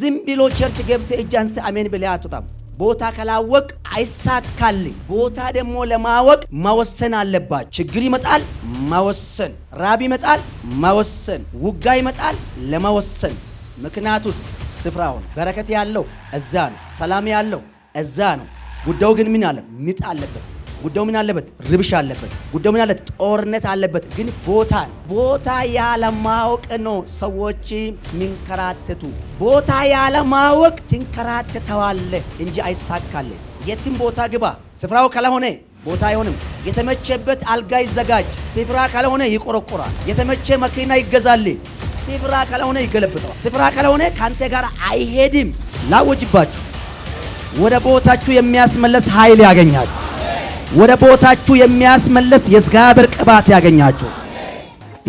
ዝም ቢሎ ቸርች ገብተ እጅ አንስተ አሜን ብለ አትወጣም። ቦታ ካላወቅ አይሳካል። ቦታ ደግሞ ለማወቅ ማወሰን አለባት። ችግር ይመጣል፣ ማወሰን። ራብ ይመጣል፣ ማወሰን። ውጋ ይመጣል፣ ለማወሰን። ምክንያት ውስጥ ስፍራውን በረከት ያለው እዛ ነው፣ ሰላም ያለው እዛ ነው። ጉዳዩ ግን ምን አለ ምጥ አለበት። ጉዳዩ ምን አለበት? ርብሻ አለበት። ጉዳዩ ምን አለበት? ጦርነት አለበት። ግን ቦታ ቦታ ያለማወቅ ነው ሰዎች ሚንከራተቱ። ቦታ ያለማወቅ ትንከራተተዋለ እንጂ አይሳካለ። የትም ቦታ ግባ፣ ስፍራው ካልሆነ ቦታ አይሆንም። የተመቸበት አልጋ ይዘጋጅ፣ ስፍራ ካልሆነ ይቆረቆራል። የተመቸ መኪና ይገዛል፣ ስፍራ ካልሆነ ይገለብጠዋል። ስፍራ ካልሆነ ካንተ ጋር አይሄድም። ላወጅባችሁ፣ ወደ ቦታችሁ የሚያስመለስ ኃይል ያገኛል። ወደ ቦታችሁ የሚያስመለስ የእግዚአብሔር ቅባት ያገኛችሁ።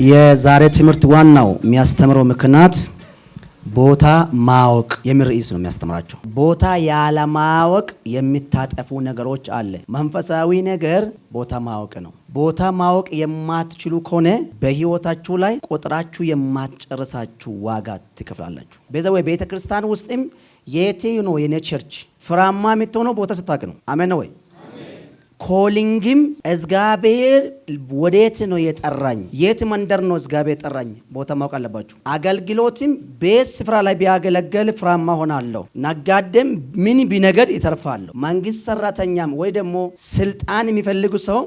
የዛሬ ትምህርት ዋናው የሚያስተምረው ምክንያት ቦታ ማወቅ የሚል ርዕስ ነው የሚያስተምራቸው። ቦታ ያለማወቅ የሚታጠፉ ነገሮች አለ። መንፈሳዊ ነገር ቦታ ማወቅ ነው። ቦታ ማወቅ የማትችሉ ከሆነ በህይወታችሁ ላይ ቆጥራችሁ የማትጨርሳችሁ ዋጋ ትከፍላላችሁ። በዛ ወይ ቤተ ክርስቲያን ውስጥም የቴ ነው የኔ ቸርች ፍራማ የምትሆነው ቦታ ስታቅ ነው። አሜን ወይ ኮሊንግም እግዚአብሔር ወዴት ነው የጠራኝ? የት መንደር ነው እግዚአብሔር የጠራኝ? ቦታ ማወቅ አለባችሁ። አገልግሎትም ቤት ስፍራ ላይ ቢያገለገል ፍራማ ሆናለሁ። ነጋዴም ምን ቢነገድ ይተርፋለሁ። መንግስት ሰራተኛም ወይ ደግሞ ስልጣን የሚፈልጉ ሰው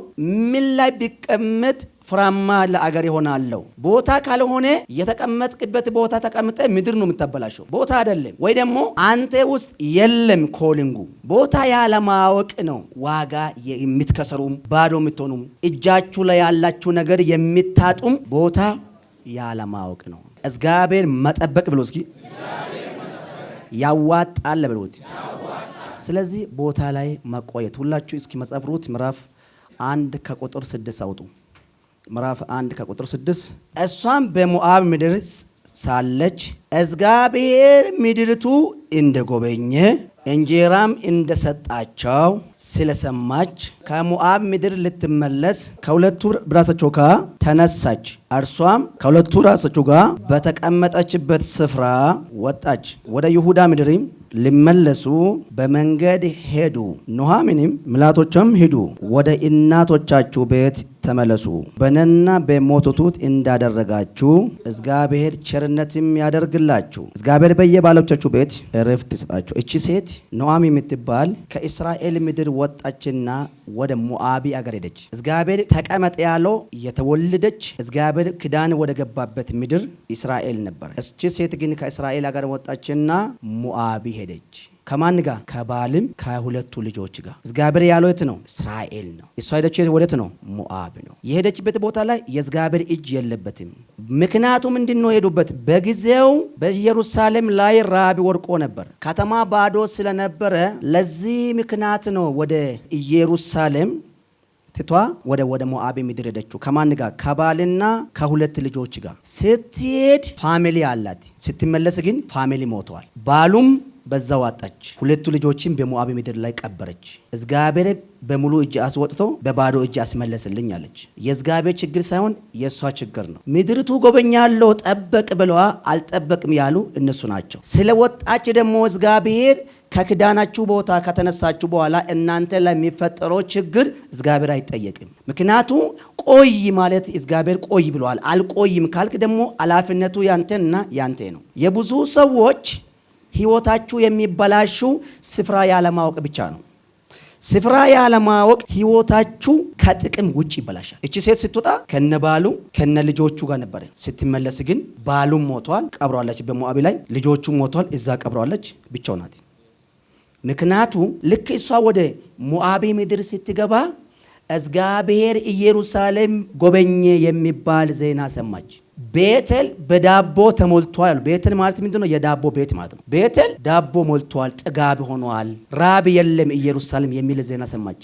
ምን ላይ ቢቀመጥ ፍራማ ለአገር ይሆናለው። ቦታ ካልሆነ የተቀመጥክበት ቦታ ተቀምጠ ምድር ነው የምታበላሸው። ቦታ አይደለም ወይ ደግሞ አንተ ውስጥ የለም ኮሊንጉ። ቦታ ያለማወቅ ነው ዋጋ የምትከሰሩም ባዶ የምትሆኑም እጃችሁ ላይ ያላችሁ ነገር የሚታጡም ቦታ ያለማወቅ ነው። እግዚአብሔር መጠበቅ ብሎ እስኪ ያዋጣል ብሎት። ስለዚህ ቦታ ላይ መቆየት ሁላችሁ እስኪ መጽሐፈ ሩት ምዕራፍ አንድ ከቁጥር ስድስት አውጡ። ምዕራፍ 1 ከቁጥር 6 እሷም በሞአብ ምድር ሳለች እግዚአብሔር ምድርቱ እንደጎበኘ እንጀራም እንደሰጣቸው ስለሰማች ከሞአብ ምድር ልትመለስ ከሁለቱ ራሳቸው ጋር ተነሳች። እርሷም ከሁለቱ ራሳቸው ጋር በተቀመጠችበት ስፍራ ወጣች። ወደ ይሁዳ ምድርም ሊመለሱ በመንገድ ሄዱ። ኑኃሚንም ምላቶችም ሂዱ፣ ወደ እናቶቻችሁ ቤት ተመለሱ። በነና በሞቱቱት እንዳደረጋችሁ እግዚአብሔር ቸርነትም ያደርግላችሁ። እግዚአብሔር በየባሎቻችሁ ቤት እርፍት ይሰጣችሁ። እቺ ሴት ነዋም የምትባል ከእስራኤል ምድር ወጣችና ወደ ሞአቢ አገር ሄደች። እግዚአብሔር ተቀመጥ ያለው የተወለደች እግዚአብሔር ክዳን ወደ ገባበት ምድር እስራኤል ነበር። እቺ ሴት ግን ከእስራኤል አገር ወጣችና ሞአቢ ሄደች። ከማን ጋር? ከባልም ከሁለቱ ልጆች ጋር። እግዚአብሔር ያለው የት ነው? እስራኤል ነው። እሷ ሄደች ወደት ነው? ሞአብ ነው። የሄደችበት ቦታ ላይ የእግዚአብሔር እጅ የለበትም። ምክንያቱ ምንድን ነው? ሄዱበት በጊዜው በኢየሩሳሌም ላይ ራብ ወርቆ ነበር። ከተማ ባዶ ስለነበረ ለዚህ ምክንያት ነው ወደ ኢየሩሳሌም ትቷ ወደ ወደ ሞአብ ምድር ሄደችው። ከማን ጋር? ከባልና ከሁለት ልጆች ጋር። ስትሄድ ፋሚሊ አላት፣ ስትመለስ ግን ፋሚሊ ሞተዋል። ባሉም በዛው አጣች። ሁለቱ ልጆችን በሞአብ ምድር ላይ ቀበረች። እግዚአብሔር በሙሉ እጅ አስወጥቶ በባዶ እጅ አስመለስልኝ አለች። የእግዚአብሔር ችግር ሳይሆን የእሷ ችግር ነው። ምድርቱ ጎበኛለሁ ጠበቅ ብለዋ አልጠበቅም ያሉ እነሱ ናቸው። ስለ ወጣች ደግሞ እግዚአብሔር ከክዳናችሁ ቦታ ከተነሳችሁ በኋላ እናንተ ለሚፈጠረው ችግር እግዚአብሔር አይጠየቅም። ምክንያቱ ቆይ ማለት እግዚአብሔር ቆይ ብለዋል። አልቆይም ካልክ ደግሞ ኃላፊነቱ ያንተና ያንተ ነው። የብዙ ሰዎች ህይወታችሁ የሚበላሹ ስፍራ ያለማወቅ ብቻ ነው። ስፍራ ያለማወቅ ህይወታችሁ ከጥቅም ውጭ ይበላሻል። እቺ ሴት ስትወጣ ከነ ባሉ ከነ ልጆቹ ጋር ነበረ። ስትመለስ ግን ባሉም ሞቷል፣ ቀብሯለች በሞአቢ ላይ ልጆቹ ሞቷል፣ እዛ ቀብሯለች፣ ብቻው ናት። ምክንያቱ ልክ እሷ ወደ ሞአቢ ምድር ስትገባ እግዚአብሔር ኢየሩሳሌም ጎበኘ የሚባል ዜና ሰማች። ቤተል በዳቦ ተሞልቷል። ቤተል ማለት ምንድን ነው? የዳቦ ቤት ማለት ነው። ቤተል ዳቦ ሞልቷል፣ ጥጋብ ሆኗል፣ ራብ የለም ኢየሩሳሌም የሚል ዜና ሰማች።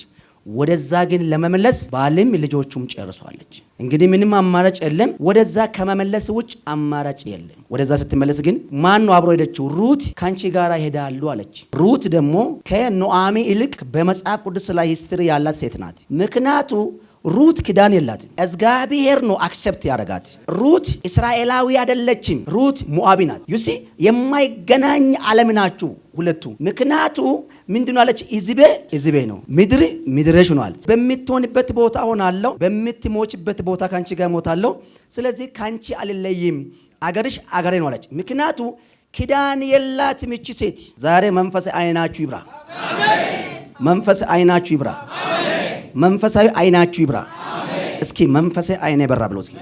ወደዛ ግን ለመመለስ ባልም ልጆቹም ጨርሷለች። እንግዲህ ምንም አማራጭ የለም። ወደዛ ከመመለስ ውጭ አማራጭ የለም። ወደዛ ስትመለስ ግን ማን ነው አብሮ ሄደችው? ሩት ከአንቺ ጋር ሄዳሉ አለች። ሩት ደግሞ ከኑአሚ ይልቅ በመጽሐፍ ቅዱስ ላይ ሂስትሪ ያላት ሴት ናት። ምክንያቱ ሩት ኪዳን የላትም። እግዚአብሔር ነው አክሰፕት ያደረጋት። ሩት እስራኤላዊ አይደለችም። ሩት ሞአቢ ናት። ዩሲ የማይገናኝ ዓለም ናችሁ ሁለቱ። ምክንያቱ ምንድን አለች? ኢዝቤ ሕዝቤ ነው፣ ምድር ምድርሽ ሆኗል። በምትሆንበት ቦታ ሆናለሁ፣ በምትሞችበት ቦታ ከአንቺ ጋር እሞታለሁ። ስለዚህ ከአንቺ አልለይም፣ አገርሽ አገሬ ነው አለች። ምክንያቱ ኪዳን የላት እቺ ሴት። ዛሬ መንፈስ አይናችሁ ይብራ፣ መንፈስ አይናችሁ ይብራ። መንፈሳዊ አይናችሁ ይብራ። እስኪ መንፈሳዊ አይና ይበራ ብሎ እስኪ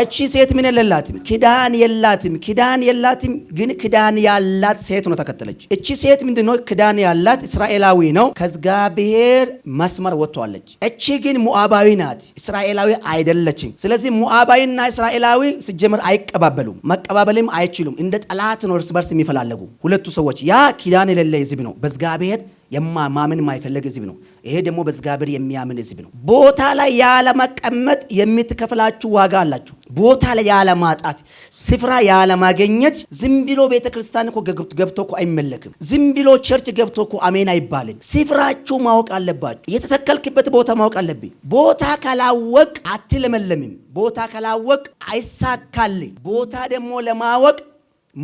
እቺ ሴት ምን የለላትም? ኪዳን የላትም። ኪዳን የላትም፣ ግን ኪዳን ያላት ሴት ነው ተከተለች። እቺ ሴት ምንድነው ክዳን ኪዳን ያላት እስራኤላዊ ነው። ከእግዚአብሔር መስመር ወጥቷለች። እቺ ግን ሙአባዊ ናት፣ እስራኤላዊ አይደለችም። ስለዚህ ሙአባዊና እስራኤላዊ ሲጀመር አይቀባበሉም፣ መቀባበልም አይችሉም። እንደ ጠላት ነው እርስ በርስ የሚፈላለጉ ሁለቱ ሰዎች። ያ ኪዳን የሌለ ህዝብ ነው በእግዚአብሔር የማማምን የማይፈለግ ህዝብ ነው። ይሄ ደግሞ በእግዚአብሔር የሚያምን ህዝብ ነው። ቦታ ላይ ያለመቀመጥ የምትከፍላችሁ ዋጋ አላችሁ። ቦታ ላይ ያለማጣት፣ ስፍራ ያለማገኘት። ዝም ብሎ ቤተ ክርስቲያን እኮ ገብቶ እኮ አይመለክም። ዝም ብሎ ቸርች ገብቶ እኮ አሜን አይባልም። ስፍራችሁ ማወቅ አለባችሁ። የተተከልክበት ቦታ ማወቅ አለብኝ። ቦታ ካላወቅ አትለመለምም። ቦታ ካላወቅ አይሳካልኝ። ቦታ ደግሞ ለማወቅ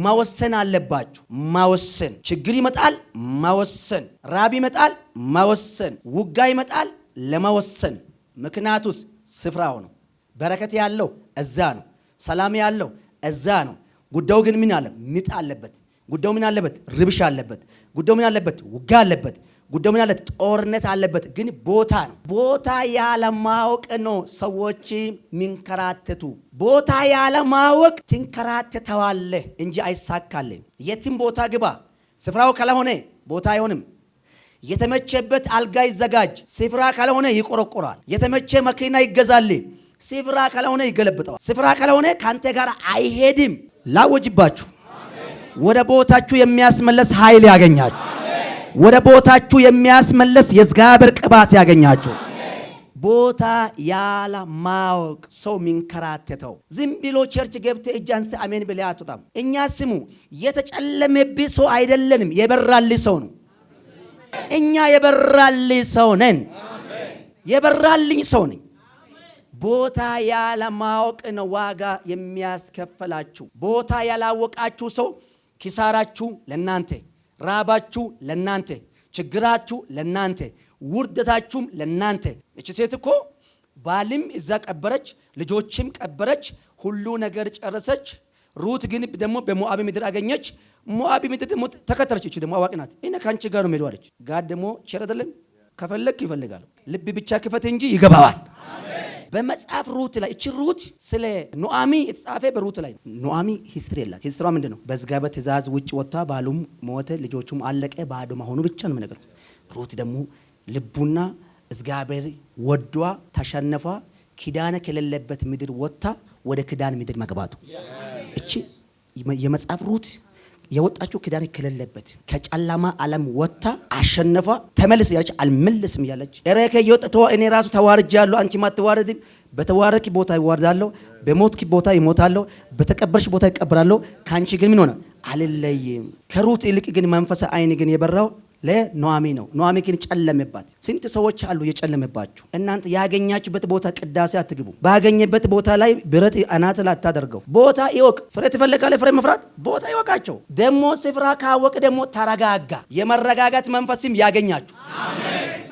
ማወሰን አለባችሁ። ማወሰን ችግር ይመጣል። ማወሰን ራብ ይመጣል። ማወሰን ውጋ ይመጣል። ለማወሰን ምክንያቱስ ስፍራው ነው። በረከት ያለው እዛ ነው። ሰላም ያለው እዛ ነው። ጉዳዩ ግን ምን አለ? ምጥ አለበት። ጉዳዩ ምን አለበት? ርብሽ አለበት። ጉዳዩ ምን አለበት? ውጋ አለበት። ጉዳዩ ምን አለ? ጦርነት አለበት። ግን ቦታ ነው። ቦታ ያለማወቅ ነው ሰዎች ሚንከራተቱ። ቦታ ያለማወቅ ትንከራተተዋለህ እንጂ አይሳካልህ። የትም ቦታ ግባ፣ ስፍራው ካልሆነ ቦታ አይሆንም። የተመቸበት አልጋ ይዘጋጅ፣ ስፍራ ካልሆነ ይቆረቆራል። የተመቸ መኪና ይገዛል፣ ስፍራ ካልሆነ ይገለብጠዋል። ስፍራ ካልሆነ ከአንተ ጋር አይሄድም። ላወጅባችሁ፣ ወደ ቦታችሁ የሚያስመለስ ኃይል ያገኛችሁ። ወደ ቦታችሁ የሚያስመለስ የእግዚአብሔር ቅባት ያገኛችሁ። ቦታ ያለ ማወቅ ሰው ሚንከራተተው ዝም ብሎ ቸርች ገብተ እጅ አንስተ አሜን ብለህ አትወጣም። እኛ ስሙ የተጨለመብ ሰው አይደለንም፣ የበራል ሰው ነው። እኛ የበራል ሰው ነን። የበራልኝ ሰው ነኝ። ቦታ ማወቅ ነው ዋጋ የሚያስከፈላችሁ። ቦታ ያላወቃችሁ ሰው ኪሳራችሁ ለእናንተ ራባችሁ ለናንተ፣ ችግራችሁ ለናንተ፣ ውርደታችሁም ለናንተ። እቺ ሴት እኮ ባልም እዛ ቀበረች፣ ልጆችም ቀበረች፣ ሁሉ ነገር ጨረሰች። ሩት ግን ደግሞ በሞአብ ምድር አገኘች። ሞአብ ምድር ደግሞ ተከተለች። እቺ ደግሞ አዋቂ ናት። እኔ ከአንቺ ጋር ነው የምሄደው አለች። ጋድ ደግሞ ቸር አይደለም፣ ከፈለግ ይፈልጋል። ልብ ብቻ ክፈት እንጂ ይገባዋል። በመጽሐፍ ሩት ላይ እቺ ሩት ስለ ኖአሚ የተጻፈ በሩት ላይ ኖአሚ ሂስትሪ የላት። ሂስትሯ ምንድን ነው? በዝጋበ ትእዛዝ ውጭ ወጥታ ባሉም ሞተ፣ ልጆቹም አለቀ፣ ባዶ መሆኑ ብቻ ነው የምነግረው። ሩት ደግሞ ልቡና እግዚአብሔር ወዷ ተሸነፏ ኪዳነ ከሌለበት ምድር ወጥታ ወደ ክዳን ምድር መግባቱ እቺ የመጽሐፍ ሩት የወጣችው ኪዳን ከሌለበት ከጨለማ ዓለም ወጥታ አሸነፏ ተመልስ ያለች አልመልስም ያለች ረከ የወጥቶ እኔ ራሱ ተዋርጃለሁ፣ አንቺም አትዋረድም። በተዋረኪ ቦታ ይዋርዳለሁ፣ በሞትኪ ቦታ ይሞታለሁ፣ በተቀበርሽ ቦታ ይቀበራለሁ። ከአንቺ ግን ምን ሆነ አልለይም። ከሩት ይልቅ ግን መንፈሳ አይን ግን የበራው ለነዋሚ ነው። ነዋሚ ግን ጨለመባት። ስንት ሰዎች አሉ የጨለመባችሁ እናንተ። ያገኛችሁበት ቦታ ቅዳሴ አትግቡ። ባገኘበት ቦታ ላይ ብረት አናት ላታደርገው። ቦታ ይወቅ። ፍሬ ትፈልጋለህ? ፍሬ መፍራት ቦታ ይወቃቸው። ደግሞ ስፍራ ካወቅ ደግሞ ተረጋጋ። የመረጋጋት መንፈስም ያገኛችሁ።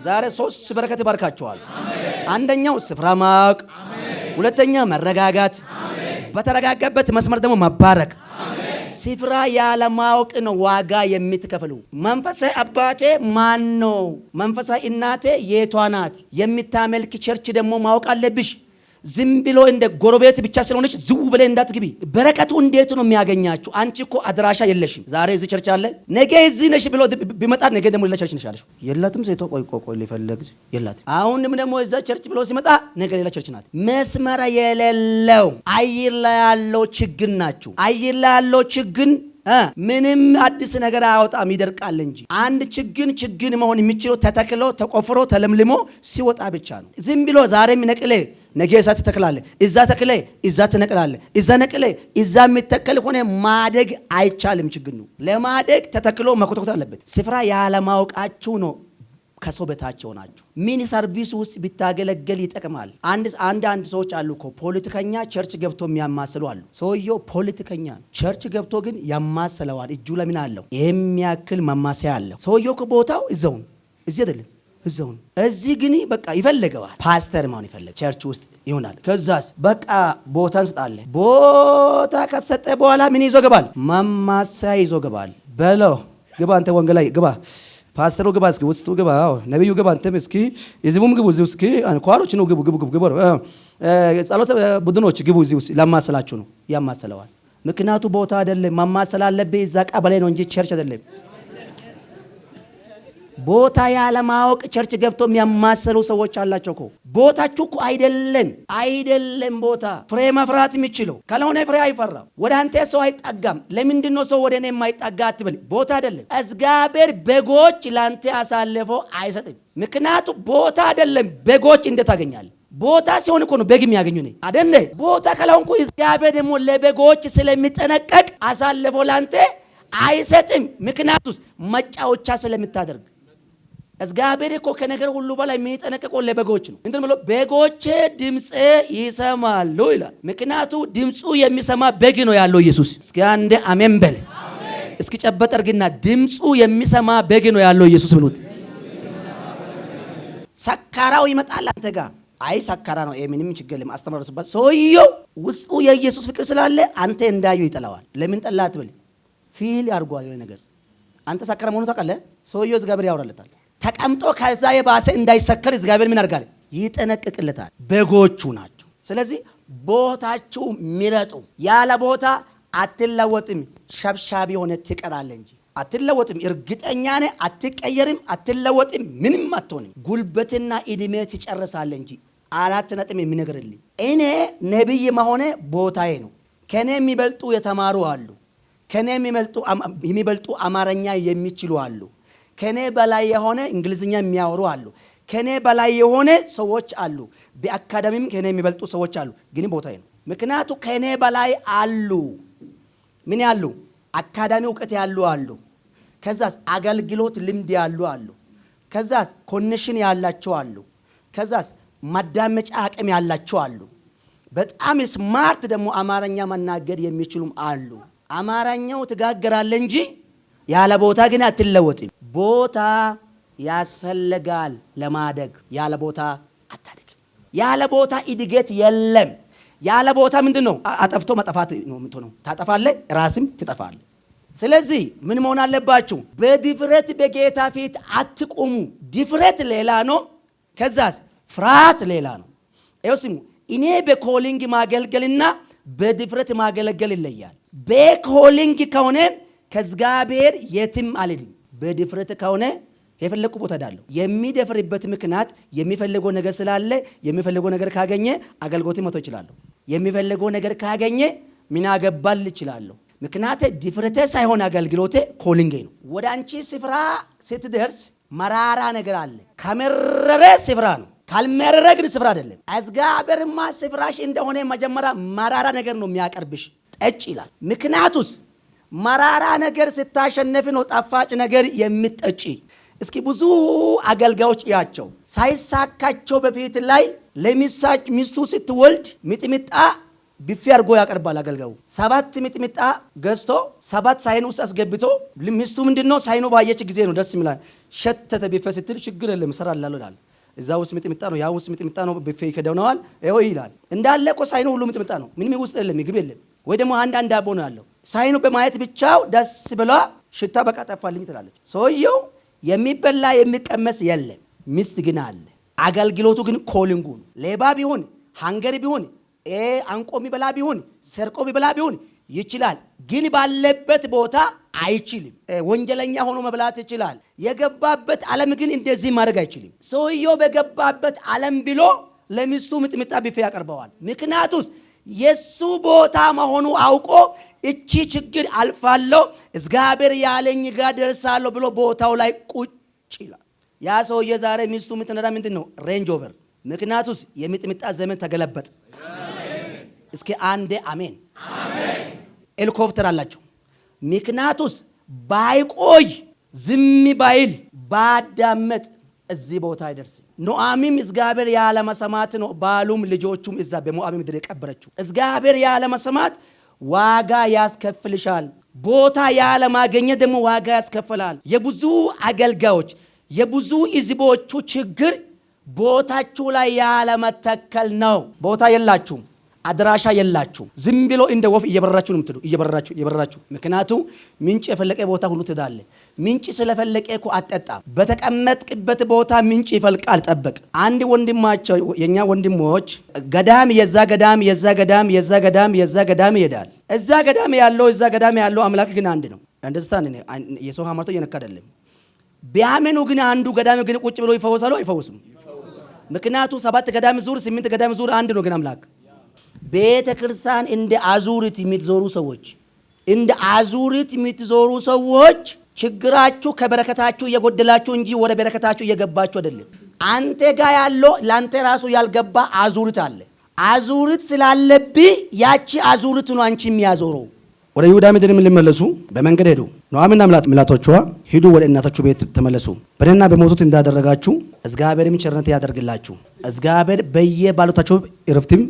ዛሬ ሶስት በረከት ይባርካችኋል። አንደኛው ስፍራ ማወቅ፣ ሁለተኛ መረጋጋት፣ በተረጋጋበት መስመር ደግሞ መባረክ ስፍራ ያለማወቅ ነው ዋጋ የምትከፍሉ። መንፈሳዊ አባቴ ማን ነው? መንፈሳዊ እናቴ የቷ ናት? የምታመልክ ቸርች ደግሞ ማወቅ አለብሽ። ዝም ብሎ እንደ ጎረቤት ብቻ ስለሆነች ዝው ብለ እንዳትግቢ። በረከቱ እንዴት ነው የሚያገኛችሁ? አንቺ እኮ አድራሻ የለሽም። ዛሬ እዚህ ቸርች አለ፣ ነገ እዚህ ነሽ ብሎ ቢመጣ ነገ ደግሞ ሌላ ቸርች ነሻለሽ። የላትም ሴቶ ቆይ ቆይ ሊፈለግ የላትም። አሁንም ደግሞ እዛ ቸርች ብሎ ሲመጣ ነገ ሌላ ቸርች ናት። መስመር የሌለው አየር ላይ ያለው ችግኝ ናችሁ። አየር ላይ ያለው ችግኝ ምንም አዲስ ነገር አያወጣም፣ ይደርቃል እንጂ። አንድ ችግኝ ችግኝ መሆን የሚችለው ተተክሎ ተቆፍሮ ተለምልሞ ሲወጣ ብቻ ነው። ዝም ብሎ ዛሬ ነቅሌ ነገ እዛ ትተክላለህ፣ እዛ ተክለህ እዛ ትነቅላለህ፣ እዛ ነቅለህ እዛ የሚተከል ሆነ ማደግ አይቻልም። ችግር ለማደግ ተተክሎ መኮትኮት አለበት። ስፍራ ያለማወቃችሁ ነው። ከሰው በታቸው ሆናችሁ ሚኒ ሰርቪስ ውስጥ ቢታገለገል ይጠቅማል። አንድ አንድ ሰዎች አሉ እኮ ፖለቲከኛ ቸርች ገብቶ የሚያማስሉ አሉ። ሰውየው ፖለቲከኛ ቸርች ገብቶ ግን ያማስለዋል። እጁ ለምን አለው? የሚያክል መማሰያ አለው። ሰውየው ከቦታው እዛውን እዚህ አይደለም እዛውን እዚህ ግን በቃ ይፈልገዋል። ፓስተር መሆን ይፈልግ ቸርች ውስጥ ይሆናል። ከዛስ በቃ ቦታ እንስጣለን። ቦታ ከተሰጠ በኋላ ምን ይዞ ገባል? ማማሰያ ይዞ ገባል። በለው ግባ፣ አንተ ወንጌላዊ ግባ፣ ፓስተሩ ግባ፣ እስኪ ውስጡ ግባ፣ ነቢዩ ግባ፣ አንተም እስኪ የዚቡም ግቡ፣ እዚ እስኪ ኳሮች ነው፣ ግቡ፣ ግቡ፣ ግቡ፣ ጸሎት ቡድኖች ግቡ፣ እዚ ውስጥ ላማሰላችሁ ነው። ያማሰለዋል። ምክንያቱ ቦታ አይደለም ማማሰል አለብህ። እዛ ቀበሌ ነው እንጂ ቸርች አይደለም። ቦታ ያለማወቅ ቸርች ገብቶ የሚያማሰሉ ሰዎች አላቸው እኮ። ቦታችሁ እኮ አይደለም አይደለም ቦታ ፍሬ መፍራት የሚችለው ካልሆነ ፍሬ አይፈራም። ወደ አንተ ሰው አይጠጋም። ለምንድነው ሰው ወደ እኔ የማይጠጋ አትበል። ቦታ አይደለም። እግዚአብሔር በጎች ለአንተ አሳልፎ አይሰጥም። ምክንያቱ ቦታ አይደለም። በጎች እንደታገኛል ቦታ ሲሆን እኮ ነው በግ የሚያገኙ ነ አደለ ቦታ ከላሁንኩ እግዚአብሔር ደግሞ ለበጎች ስለሚጠነቀቅ አሳልፎ ላንተ አይሰጥም። ምክንያቱስ መጫወቻ ስለምታደርግ እግዚአብሔር እኮ ከነገር ሁሉ በላይ የሚጠነቀቀው ለበጎች ነው። ምንድን ብሎ በጎቼ ድምፄ ይሰማሉ ይላል። ምክንያቱ ድምፁ የሚሰማ በግ ነው ያለው ኢየሱስ። እስኪ አንድ አሜን በል። እስኪ ጨበጥ አድርግና ድምፁ የሚሰማ በግ ነው ያለው ኢየሱስ ብሉት። ሰካራው ይመጣል አንተ ጋር አይ ሰካራ ነው ምንም ችግር የለም። ሰውየው ውስጡ የኢየሱስ ፍቅር ስላለ አንተ እንዳዩ ይጠላዋል። ለምን ጠላት ብል ፊል ያርጓል የሆነ ነገር አንተ ሰካራ መሆኑ ታውቃለህ። ሰውየው እግዚአብሔር ያወራለታል ተቀምጦ ከዛ የባሰ እንዳይሰከር እግዚአብሔር ምን አርጋል ይጠነቅቅለታል። በጎቹ ናቸው። ስለዚህ ቦታችሁ ምረጡ። ያለ ቦታ አትለወጥም። ሸብሻቢ ሆነ ትቀራለ እንጂ አትለወጥም። እርግጠኛ ነህ፣ አትቀየርም፣ አትለወጥም፣ ምንም አትሆንም። ጉልበትና እድሜ ትጨርሳለ እንጂ አራት ነጥብ የሚነግርልኝ እኔ ነቢይ መሆነ ቦታዬ ነው። ከእኔ የሚበልጡ የተማሩ አሉ። ከእኔ የሚበልጡ አማርኛ የሚችሉ አሉ። ከኔ በላይ የሆነ እንግሊዝኛ የሚያወሩ አሉ። ከኔ በላይ የሆነ ሰዎች አሉ። በአካዳሚም ከኔ የሚበልጡ ሰዎች አሉ። ግን ቦታ ነው። ምክንያቱ ከኔ በላይ አሉ። ምን ያሉ? አካዳሚ እውቀት ያሉ አሉ። ከዛስ አገልግሎት ልምድ ያሉ አሉ። ከዛስ ኮኔክሽን ያላቸው አሉ። ከዛስ ማዳመጫ አቅም ያላቸው አሉ። በጣም ስማርት ደግሞ አማርኛ መናገር የሚችሉም አሉ። አማርኛው ትጋገራለ እንጂ ያለ ቦታ ግን አትለወጥም። ቦታ ያስፈልጋል ለማደግ። ያለ ቦታ አታድግም። ያለ ቦታ እድገት የለም። ያለ ቦታ ምንድን ነው? አጠፍቶ መጠፋት ነው የምትሆነው። ታጠፋለህ፣ ራስም ትጠፋለህ። ስለዚህ ምን መሆን አለባችሁ? በድፍረት በጌታ ፊት አትቁሙ ድፍረት ሌላ ነው፣ ከዛስ ፍርሃት ሌላ ነው። ይኸው ስሙ፣ እኔ በኮሊንግ ማገልገልና በድፍረት ማገለገል ይለያል። በኮሊንግ ከሆነ ከእግዚአብሔር የትም አልሄድም። በድፍረት ከሆነ የፈለግኩ ቦታ ዳለሁ። የሚደፍርበት ምክንያት የሚፈልገው ነገር ስላለ የሚፈልገው ነገር ካገኘ አገልግሎት መቶ ይችላለሁ። የሚፈልገው ነገር ካገኘ ምን አገባል ይችላለሁ። ምክንያት ድፍረቴ ሳይሆን አገልግሎቴ ኮሊንጌ ነው። ወደ አንቺ ስፍራ ስትደርስ መራራ ነገር አለ። ከመረረ ስፍራ ነው፣ ካልመረረ ግን ስፍራ አይደለም። እግዚአብሔርማ ስፍራሽ እንደሆነ መጀመሪያ መራራ ነገር ነው የሚያቀርብሽ። ጠጭ ይላል ምክንያቱስ መራራ ነገር ስታሸነፍ ነው ጣፋጭ ነገር የምትጠጪ። እስኪ ብዙ አገልጋዮች እያቸው ሳይሳካቸው በፊት ላይ ለሚሳጭ ሚስቱ ስትወልድ ሚጥሚጣ ብፌ አድርጎ ያቀርባል። አገልጋዩ ሰባት ሚጥሚጣ ገዝቶ ሰባት ሳይን ውስጥ አስገብቶ ሚስቱ ምንድን ነው ሳይኑ ባየች ጊዜ ነው ደስ የሚላ ሸተተ ብፌ ስትል ችግር የለም ሰራ ላለ ይላል። እዛ ውስጥ ሚጥሚጣ ነው፣ ያ ውስጥ ሚጥሚጣ ነው። ብፌ ይከደውነዋል ይሆ ይላል። እንዳለቆ ሳይኑ ሁሉ ሚጥሚጣ ነው። ምንም ውስጥ የለም ምግብ የለም። ወይ ደግሞ አንዳንድ ዳቦ ነው ያለው። ሳይኑ በማየት ብቻው ደስ ብሏ ሽታ በቃ ጠፋልኝ ትላለች። ሰውየው የሚበላ የሚቀመስ የለም፣ ሚስት ግን አለ። አገልግሎቱ ግን ኮሊንጉ ነው። ሌባ ቢሆን ሃንገር ቢሆን አንቆ የሚበላ ቢሆን ሰርቆ የሚበላ ቢሆን ይችላል፣ ግን ባለበት ቦታ አይችልም። ወንጀለኛ ሆኖ መብላት ይችላል። የገባበት ዓለም ግን እንደዚህ ማድረግ አይችልም። ሰውየው በገባበት ዓለም ብሎ ለሚስቱ ምጥምጣ ቢፌ ያቀርበዋል። ምክንያቱስ የሱ ቦታ መሆኑ አውቆ እቺ ችግር አልፋለሁ እግዚአብሔር ያለኝ ጋር ደርሳለሁ ብሎ ቦታው ላይ ቁጭ ይላል። ያ ሰውዬ ዛሬ ሚስቱ የምትነዳ ምንድን ነው ሬንጅ ኦቨር። ምክንያቱስ የሚጥሚጣ ዘመን ተገለበጠ። እስኪ አንዴ አሜን። ሄሊኮፕተር አላቸው። ምክንያቱስ ባይቆይ ዝም ባይል ባዳመጥ እዚህ ቦታ አይደርስም። ኖአሚም እግዚአብሔር ያለመሰማት ነው። ባሉም ልጆቹም እዛ በሞአቢም ምድር የቀበረችው እግዚአብሔር ያለመሰማት ዋጋ ያስከፍልሻል። ቦታ ያለማገኘት ደግሞ ዋጋ ያስከፍላል። የብዙ አገልጋዮች የብዙ ሕዝቦቹ ችግር ቦታችሁ ላይ ያለመተከል ነው። ቦታ የላችሁም። አድራሻ የላችሁ። ዝም ብሎ እንደ ወፍ እየበረራችሁ ነው የምትሉ እየበረራችሁ እየበረራችሁ። ምክንያቱ ምንጭ የፈለቀ ቦታ ሁሉ ትዳለ። ምንጭ ስለፈለቀ እኮ አጠጣ። በተቀመጥቅበት ቦታ ምንጭ ይፈልቃል። ጠበቅ። አንድ ወንድማቸው የኛ ወንድሞች ገዳም የዛ ገዳም የዛ ገዳም የዛ ገዳም የዛ ገዳም ይሄዳል። እዛ ገዳም ያለው እዛ ገዳም ያለው አምላክ ግን አንድ ነው። አንደስታን የሰው ሃይማኖት እየነካ አይደለም። ቢያምኑ ግን አንዱ ገዳም ግን ቁጭ ብሎ ይፈወሳሉ አይፈወሱም? ምክንያቱ ሰባት ገዳም ዙር ስምንት ገዳም ዙር አንድ ነው ግን አምላክ ቤተ ክርስቲያን እንደ አዙሪት የምትዞሩ ሰዎች እንደ አዙሪት የምትዞሩ ሰዎች ችግራችሁ ከበረከታችሁ እየጎደላችሁ እንጂ ወደ በረከታችሁ እየገባችሁ አይደለም። አንተ ጋር ያለው ለአንተ ራሱ ያልገባ አዙሪት አለ። አዙሪት ስላለብ ያቺ አዙሪት ነው አንቺ የሚያዞረው። ወደ ይሁዳ ምድር ሊመለሱ በመንገድ ሄዱ። ኑኃሚንና ምላቶቿ ሂዱ፣ ወደ እናታችሁ ቤት ተመለሱ፣ በደህና በሞቱት እንዳደረጋችሁ እግዚአብሔርም ቸርነት ያደርግላችሁ፣ እግዚአብሔር በየባሉታችሁ እረፍትም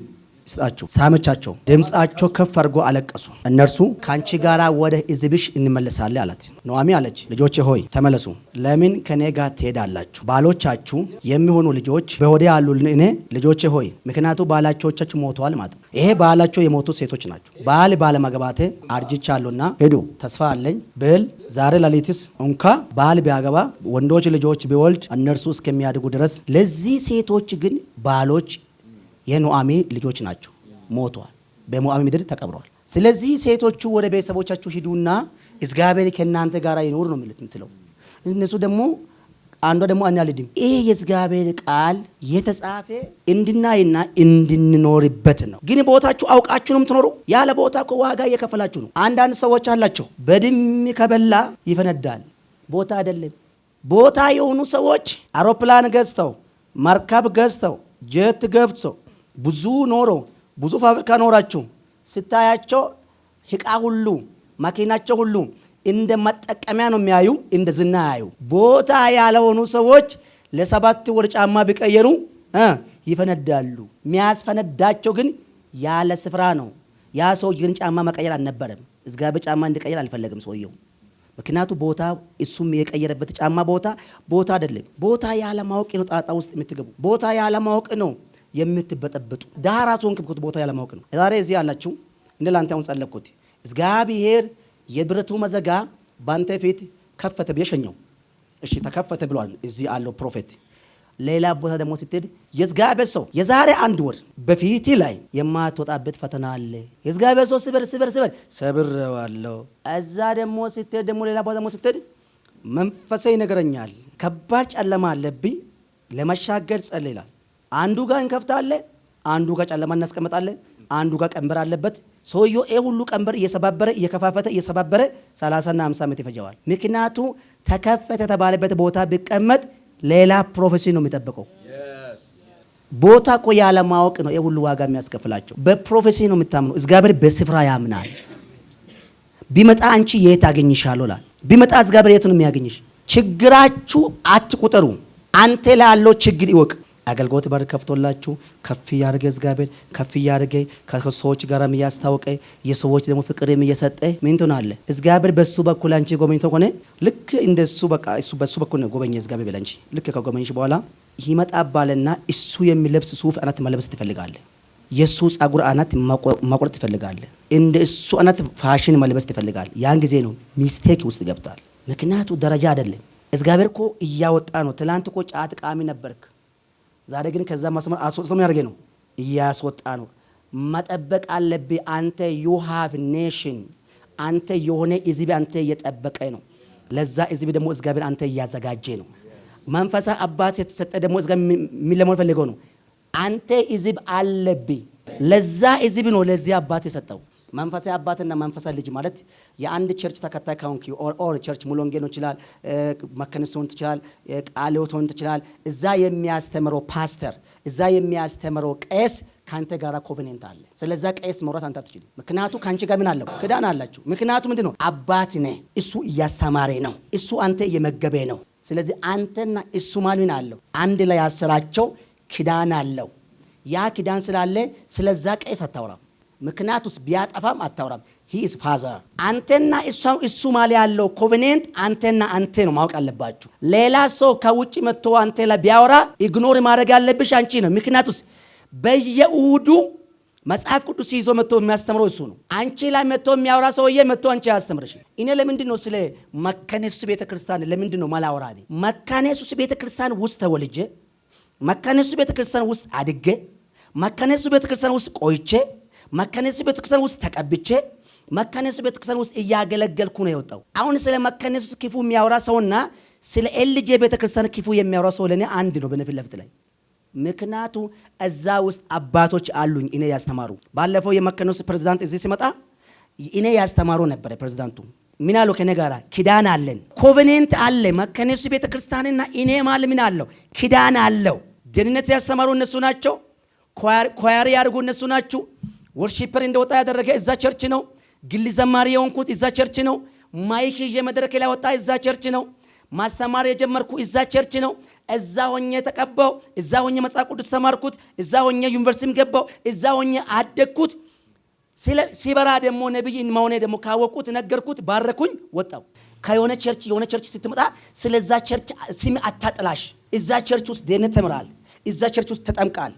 ስጣቸው፣ ሳመቻቸው። ድምፃቸው ከፍ አድርጎ አለቀሱ። እነርሱ ከአንቺ ጋር ወደ ኢዝብሽ እንመለሳለን አላት። ኑኃሚን አለች፣ ልጆቼ ሆይ ተመለሱ። ለምን ከኔ ጋር ትሄዳላችሁ? ባሎቻችሁ የሚሆኑ ልጆች በወደ ያሉ እኔ ልጆቼ ሆይ ምክንያቱ ባላቸዎቻችሁ ሞተዋል ማለት ነው። ይሄ ባላቸው የሞቱ ሴቶች ናቸው። ባል ባለመግባቴ አርጅቻለሁና ሄዱ ተስፋ አለኝ ብል ዛሬ ለሊትስ እንኳ ባል ቢያገባ ወንዶች ልጆች ቢወልድ እነርሱ እስከሚያድጉ ድረስ ለዚህ ሴቶች ግን ባሎች የኑአሚ ልጆች ናቸው። ሞቷል፣ በሞአብ ምድር ተቀብረዋል። ስለዚህ ሴቶቹ ወደ ቤተሰቦቻችሁ ሂዱና እግዚአብሔር ከእናንተ ጋር ይኖር ነው የምትለው። እነሱ ደግሞ አንዷ ደግሞ አናልድም። ይህ የእግዚአብሔር ቃል የተጻፈ እንድናይና እንድንኖርበት ነው። ግን ቦታችሁ አውቃችሁ ነው የምትኖሩ። ያለ ቦታ እኮ ዋጋ እየከፈላችሁ ነው። አንዳንድ ሰዎች አላቸው፣ በድም ከበላ ይፈነዳል። ቦታ አይደለም። ቦታ የሆኑ ሰዎች አውሮፕላን ገዝተው፣ መርከብ ገዝተው፣ ጀት ገብቶ ብዙ ኖሮ ብዙ ፋብሪካ ኖራቸው ስታያቸው ህቃ ሁሉ ማኪናቸው ሁሉ እንደ መጠቀሚያ ነው የሚያዩ፣ እንደ ዝና ያዩ። ቦታ ያልሆኑ ሰዎች ለሰባት ወር ጫማ ቢቀየሩ ይፈነዳሉ። የሚያስፈነዳቸው ግን ያለ ስፍራ ነው። ያ ሰው ግን ጫማ መቀየር አልነበረም። እግዚአብሔር በጫማ እንድቀየር አልፈለግም ሰውየው። ምክንያቱ ቦታ እሱም የቀየረበት ጫማ ቦታ ቦታ አይደለም። ቦታ ያለማወቅ ነው ጣጣ ውስጥ የምትገቡ። ቦታ ያለማወቅ ነው የምትበጠበጡ ድሃ ራሱ ሆንክብኩት ቦታ ያለማወቅ ነው። ዛሬ እዚህ ያላችሁ እንደ ላንተ አሁን ጸለኩት። እግዚአብሔር የብረቱ መዘጋ ባንተ ፊት ከፈተ ብዬ ሸኘው። እሺ ተከፈተ ብሏል እዚህ አለው ፕሮፌት። ሌላ ቦታ ደግሞ ስትሄድ የእግዚአብሔር ሰው የዛሬ አንድ ወር በፊት ላይ የማትወጣበት ፈተና አለ። የእግዚአብሔር ሰው ስበር ስበር ስበር ሰብሬዋለሁ። እዛ ደግሞ ስትሄድ ደግሞ ሌላ ቦታ ደግሞ ስትሄድ መንፈሴ ይነግረኛል ከባድ ጨለማ አለብኝ ለመሻገር ጸልይ ይላል። አንዱ ጋር እንከፍታለን፣ አንዱ ጋር ጨለማ እናስቀምጣለን፣ አንዱ ጋር ቀንበር አለበት። ሰውየው ይሄ ሁሉ ቀንበር እየሰባበረ እየከፋፈተ እየሰባበረ 30 እና 50 ዓመት ይፈጀዋል። ምክንያቱ ተከፈተ የተባለበት ቦታ ቢቀመጥ ሌላ ፕሮፌሲ ነው የሚጠብቀው። ቦታ እኮ ያለማወቅ ነው የሁሉ ዋጋ የሚያስከፍላቸው። በፕሮፌሲ ነው የምታምነው። እግዚአብሔር በስፍራ ያምናል። ቢመጣ አንቺ የት አገኝሻለሁ ላል ቢመጣ እግዚአብሔር የት ነው የሚያገኝሽ? ችግራችሁ አትቁጠሩ። አንተ ላለው ችግር ይወቅ። አገልግሎት በር ከፍቶላችሁ ከፍ ያርገ እግዚአብሔር ከፍ ያርገ ከሰዎች ጋርም እያስታወቀ የሰዎች ደግሞ ፍቅርም እየሰጠ ምንትን አለ እግዚአብሔር በሱ በኩል አንቺ ጎበኝቶ ሆነ ልክ እንደሱ በቃ እሱ በሱ በኩል ነው ጎበኝ እግዚአብሔር ብለንቺ ልክ ከጎበኝሽ በኋላ ይመጣባልና እሱ የሚለብስ ሱፍ አናት መለበስ ትፈልጋለ። የሱ ጸጉር አናት መቆረጥ ትፈልጋለ። እንደ እሱ አናት ፋሽን መለበስ ትፈልጋለ። ያን ጊዜ ነው ሚስቴክ ውስጥ ገብታል። ምክንያቱ ደረጃ አይደለም። እግዚአብሔር እኮ እያወጣ ነው። ትላንት እኮ ጫት ቃሚ ነበርክ። ዛሬ ግን ከዛ ማስመር አስወጥቶ ምን ያደርገ ነው እያስወጣ ነው። መጠበቅ አለብህ። አንተ ዩ ሃቭ ኔሽን፣ አንተ የሆነ ህዝብ አንተ እየጠበቀ ነው። ለዛ ህዝብ ደግሞ እግዚአብሔር አንተ እያዘጋጀ ነው። መንፈሳ አባት የተሰጠ ደግሞ እግዚአብሔር ምን ፈልገው ነው? አንተ ህዝብ አለብህ። ለዛ ህዝብ ነው ለዚህ አባት የሰጠው መንፈሳዊ አባትና መንፈሳዊ ልጅ ማለት የአንድ ቸርች ተከታይ ከሆንክ ኦር ቸርች ሙሉ ወንጌል ይችላል፣ መከንሶን ትችላል፣ ቃልዮቶን ትችላል። እዛ የሚያስተምረው ፓስተር፣ እዛ የሚያስተምረው ቄስ ከአንተ ጋር ኮቨኔንት አለ። ስለዛ ቄስ መውራት አንተ አትችልም። ምክንያቱ ከአንቺ ጋር ምን አለው? ክዳን አላችሁ። ምክንያቱ ምንድን ነው? አባት ነህ። እሱ እያስተማረ ነው። እሱ አንተ እየመገበ ነው። ስለዚህ አንተና እሱ ማሉን አለው አንድ ላይ ያሰራቸው ኪዳን አለው። ያ ኪዳን ስላለ ስለዛ ቄስ አታውራም። ምክንያት ውስጥ ቢያጠፋም አታውራም። ሂዝ ፋዘር አንተና እሱ ማለ ያለው ኮቨኔንት አንተና አንተ ነው ማወቅ አለባችሁ። ሌላ ሰው ከውጭ መጥቶ አንተ ላይ ቢያወራ ኢግኖር ማድረግ ያለብሽ አንቺ ነው። ምክንያት ውስጥ በየእሁዱ መጽሐፍ ቅዱስ ይዞ መጥቶ የሚያስተምረው እሱ ነው። አንቺ ላይ መጥቶ የሚያወራ ሰውዬ መጥቶ አንቺ አያስተምርሽ። እኔ ለምንድን ነው ስለ መካነ ኢየሱስ ቤተክርስቲያን ለምንድን ነው ማላወራ? መካነ ኢየሱስ ቤተክርስቲያን ውስጥ ተወልጄ መካነ ኢየሱስ ቤተክርስቲያን ውስጥ አድጌ መካነ ኢየሱስ ቤተክርስቲያን ውስጥ ቆይቼ መካነሲ ቤተክርስቲያን ውስጥ ተቀብቼ መካነሲ ቤተክርስቲያን ውስጥ እያገለገልኩ ነው የወጣው። አሁን ስለ መከነስ ክፉ የሚያወራ ሰውና ስለ ኤልጄ ቤተክርስቲያን ክፉ የሚያወራ ሰው ለእኔ አንድ ነው በነፊት ለፊት ላይ ምክንያቱ እዛ ውስጥ አባቶች አሉኝ እኔ ያስተማሩ። ባለፈው የመከነሱ ፕሬዚዳንት እዚህ ሲመጣ እኔ ያስተማሩ ነበረ ፕሬዚዳንቱ ምን አለው? ከኔ ጋር ኪዳን አለን፣ ኮቨኔንት አለ። መከነሱ ቤተክርስቲያንና እኔ ማል ምን አለው? ኪዳን አለው። ደህንነት ያስተማሩ እነሱ ናቸው። ኳሪ ያርጉ እነሱ ናቸው። ወርሺፐር እንደወጣ ያደረገ እዛ ቸርች ነው። ግል ዘማሪ የሆንኩት እዛ ቸርች ነው። ማይክ ይዤ መድረክ ላይ ወጣ እዛ ቸርች ነው። ማስተማር የጀመርኩ እዛ ቸርች ነው። እዛ ሆኜ ተቀባው፣ እዛ ሆኜ መጽሐፍ ቅዱስ ተማርኩት፣ እዛ ሆኜ ዩኒቨርሲቲም ገባው፣ እዛ ሆኜ አደግኩት። ሲበራ ደግሞ ነቢይ መሆኔ ደግሞ ካወቁት፣ ነገርኩት፣ ባረኩኝ፣ ወጣው። ከሆነ ቸርች የሆነ ቸርች ስትመጣ ስለዛ ቸርች ስም አታጥላሽ። እዛ ቸርች ውስጥ ደህንነት ተምራል። እዛ ቸርች ውስጥ ተጠምቃል።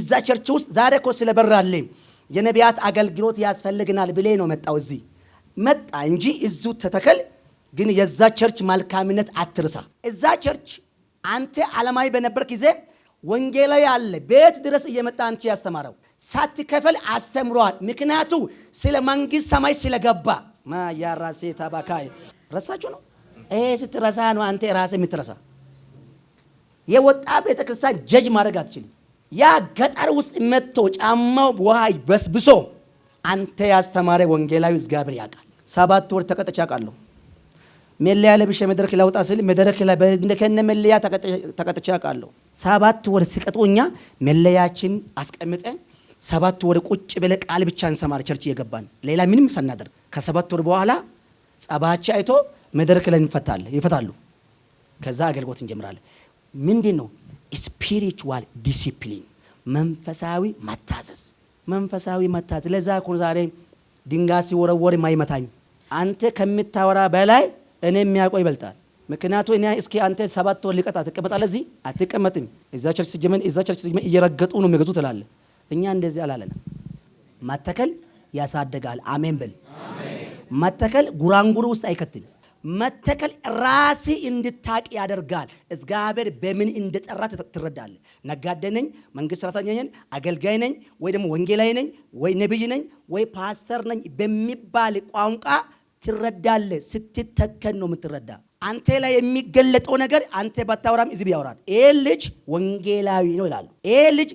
እዛ ቸርች ውስጥ ዛሬ እኮ ስለበራልኝ የነቢያት አገልግሎት ያስፈልግናል ብሌ ነው መጣው። እዚህ መጣ እንጂ እዙ ተተከል። ግን የዛ ቸርች መልካምነት አትርሳ። እዛ ቸርች አንተ አለማዊ በነበር ጊዜ ወንጌላ ያለ ቤት ድረስ እየመጣ አንቺ ያስተማረው ሳትከፈል አስተምሯል። ምክንያቱ ስለ መንግስት ሰማይ ስለገባ ማያራሴ ታባካይ ረሳችሁ ነው። ይሄ ስትረሳ ነው አንተ ራሴ የምትረሳ የወጣ ቤተክርስቲያን ጀጅ ማድረግ አትችልም። ያ ገጠር ውስጥ መጥቶ ጫማው ውሃ በስብሶ አንተ ያስተማረ ወንጌላዊ እግዚአብሔር ያውቃል። ሰባት ወር ተቀጥቼ አውቃለሁ። መለያ ለብሼ መድረክ ላውጣ ስል መድረክ ላይ መለያ ተቀጥቼ አውቃለሁ። ሰባት ወር ሲቀጦኛ መለያችን አስቀምጠን ሰባት ወር ቁጭ ብለ ቃል ብቻ እንሰማር ቸርች እየገባን ሌላ ምንም ሳናደርግ ከሰባት ወር በኋላ ጸባች አይቶ መድረክ ላይ ይፈታሉ። ከዛ አገልግሎት እንጀምራለን። ምንድን ነው? ስፒሪቹዋል ዲሲፕሊን መንፈሳዊ መታዘዝ፣ መንፈሳዊ መታዘዝ። ለዛ እኮ ዛሬ ድንጋይ ሲወረወር ማይመታኝ አንተ ከምታወራ በላይ እኔ የሚያውቀው ይበልጣል። ምክንያቱ እኔ እስኪ አንተ ሰባት ወር ሊቀጣ ትቀመጣለህ፣ እዚህ አትቀመጥም። እዛ ቸርች ሲጀመን እዛ ቸርች ሲጀመን እየረገጡ ነው የሚገዙ ትላለህ። እኛ እንደዚህ አላለን። መተከል ያሳደጋል። አሜን በል። መተከል ጉራንጉር ውስጥ አይከትም። መተከል ራስ እንድታቅ ያደርጋል። እግዚአብሔር በምን እንደጠራ ትረዳለ። ነጋዴ ነኝ፣ መንግስት ሰራተኛ ነኝ፣ አገልጋይ ነኝ፣ ወይ ደግሞ ወንጌላዊ ነኝ፣ ወይ ነብይ ነኝ፣ ወይ ፓስተር ነኝ በሚባል ቋንቋ ትረዳለ። ስትተከል ነው የምትረዳ። አንተ ላይ የሚገለጠው ነገር አንተ ባታወራም ህዝብ ያወራል። ይህ ልጅ ወንጌላዊ ነው ይላሉ። ይህ ልጅ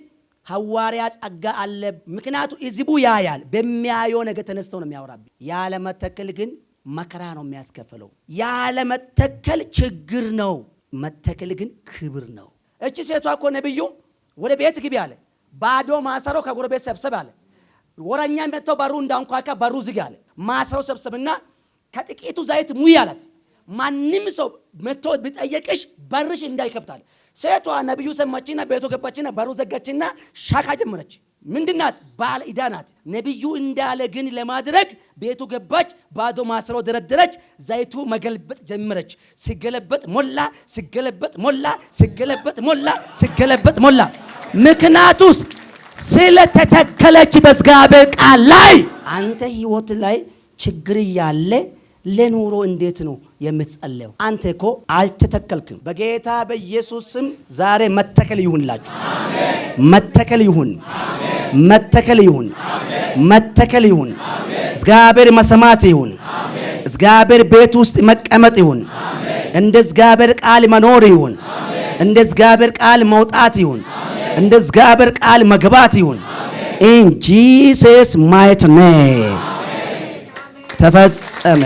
ሐዋርያ ጸጋ አለ። ምክንያቱ ህዝቡ ያያል። በሚያየው ነገር ተነስተው ነው የሚያወራብኝ። ያለመተከል ግን መከራ ነው የሚያስከፍለው። ያለመተከል ችግር ነው፣ መተከል ግን ክብር ነው። እቺ ሴቷ እኮ ነቢዩ ወደ ቤት ግቢ አለ፣ ባዶ ማሰሮ ከጎረቤት ሰብሰብ አለ። ወረኛ መጥተው በሩ እንዳንኳካ በሩ ዝግ አለ። ማሰሮ ሰብሰብና ከጥቂቱ ዘይት ሙይ አላት። ማንም ሰው መጥቶ ቢጠየቅሽ በርሽ እንዳይከፍታል። ሴቷ ነቢዩ ሰማችና ቤቱ ገባችና በሩ ዘጋችና ሻካ ጀመረች። ምንድናት? ባለ ዕዳ ናት። ነቢዩ እንዳለ ግን ለማድረግ ቤቱ ገባች፣ ባዶ ማስሮ ደረደረች፣ ዘይቱ መገልበጥ ጀመረች። ሲገለበጥ ሞላ፣ ሲገለበጥ ሞላ፣ ሲገለበጥ ሞላ፣ ሲገለበጥ ሞላ። ምክንያቱስ ስለተተከለች በእግዚአብሔር ቃል ላይ። አንተ ህይወት ላይ ችግር ያለ ለኑሮ እንዴት ነው የምትጸለየው? አንተ እኮ አልተተከልክም። በጌታ በኢየሱስ ስም ዛሬ መተከል ይሁንላችሁ፣ መተከል ይሁን። መተከል ይሁን፣ መተከል ይሁን። እግዚአብሔር መሰማት ይሁን። እግዚአብሔር ቤት ውስጥ መቀመጥ ይሁን። እንደ እግዚአብሔር ቃል መኖር ይሁን። እንደ እግዚአብሔር ቃል መውጣት ይሁን። እንደ እግዚአብሔር ቃል መግባት ይሁን። ኢን ጂሰስ ማየት ነ ተፈጸመ።